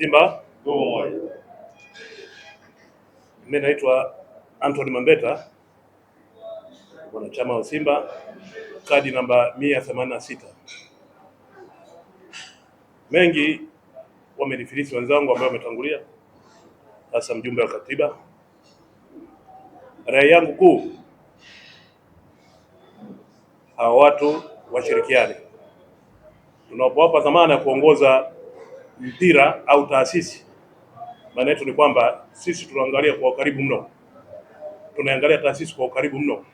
Simba nguvu moja. Mimi naitwa Anthony Mambeta, mwanachama wa Simba, kadi namba mia themanini na sita. Mengi wamenifilisi wenzangu ambao wametangulia, hasa mjumbe wa katiba. Rai yangu kuu, hawa watu washirikiane tunapowapa dhamana ya kuongoza mpira au taasisi, maana yetu ni kwamba sisi tunaangalia kwa ukaribu mno, tunaangalia taasisi kwa ukaribu mno.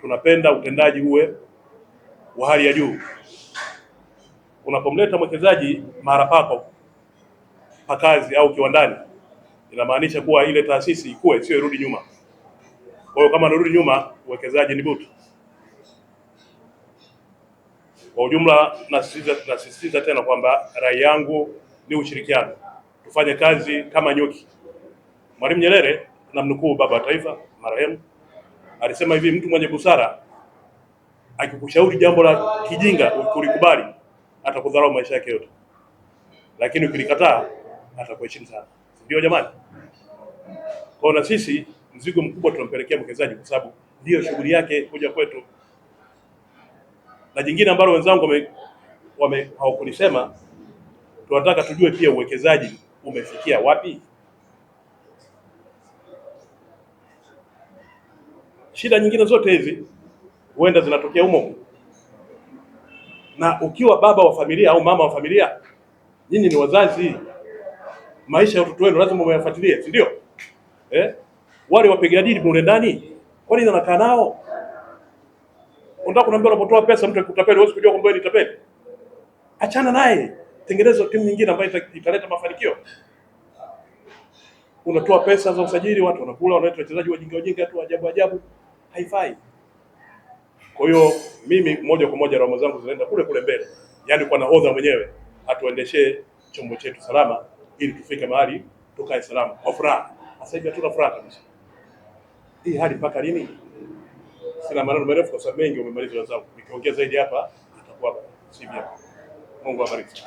Tunapenda utendaji uwe wa hali ya juu. Unapomleta mwekezaji mahali pako pa kazi au kiwandani, inamaanisha kuwa ile taasisi ikue, sio irudi nyuma. Kwa hiyo kama narudi nyuma, uwekezaji ni butu. Kwa ujumla, nasisitiza tena kwamba rai yangu ni ushirikiano, tufanye kazi kama nyuki. Mwalimu Nyerere, namnukuu baba wa taifa marehemu, alisema hivi, mtu mwenye busara akikushauri jambo la kijinga kulikubali, atakudharau maisha yake yote, lakini ukilikataa atakuheshimu sana, ndio jamani? Kwa na sisi mzigo mkubwa tunampelekea mwekezaji, kwa sababu ndiyo shughuli yake kuja kwetu. Na jingine ambalo wenzangu wame, wame hawakulisema, tunataka tujue pia uwekezaji umefikia wapi. Shida nyingine zote hizi huenda zinatokea humo, na ukiwa baba wa familia au mama wa familia, nyinyi ni wazazi, maisha ya watoto wenu lazima umeyafuatilie, si ndio? Eh, wale wapiga dili mule ndani, kwani nanakaa nao unataka kuniambia unapotoa pesa mtu akutapeli, huwezi kujua kwamba ni tapeli? Achana naye, tengeneza timu nyingine ambayo italeta mafanikio. Unatoa pesa za usajili, watu wanakula, wanaleta wachezaji wajinga wajinga tu ajabu ajabu, haifai. Kwa hiyo mimi moja kwa moja roho zangu zinaenda kule kule mbele, yaani kwa nahodha mwenyewe atuendeshee chombo chetu salama, ili tufike mahali tukae salama kwa furaha. Sasa hivi hatuna furaha kabisa. Hii hali mpaka lini? Sina maneno marefu kwa sababu mengi umemaliza wenzangu, nikiongea zaidi hapa itakuwa sivyo. Mungu awabariki.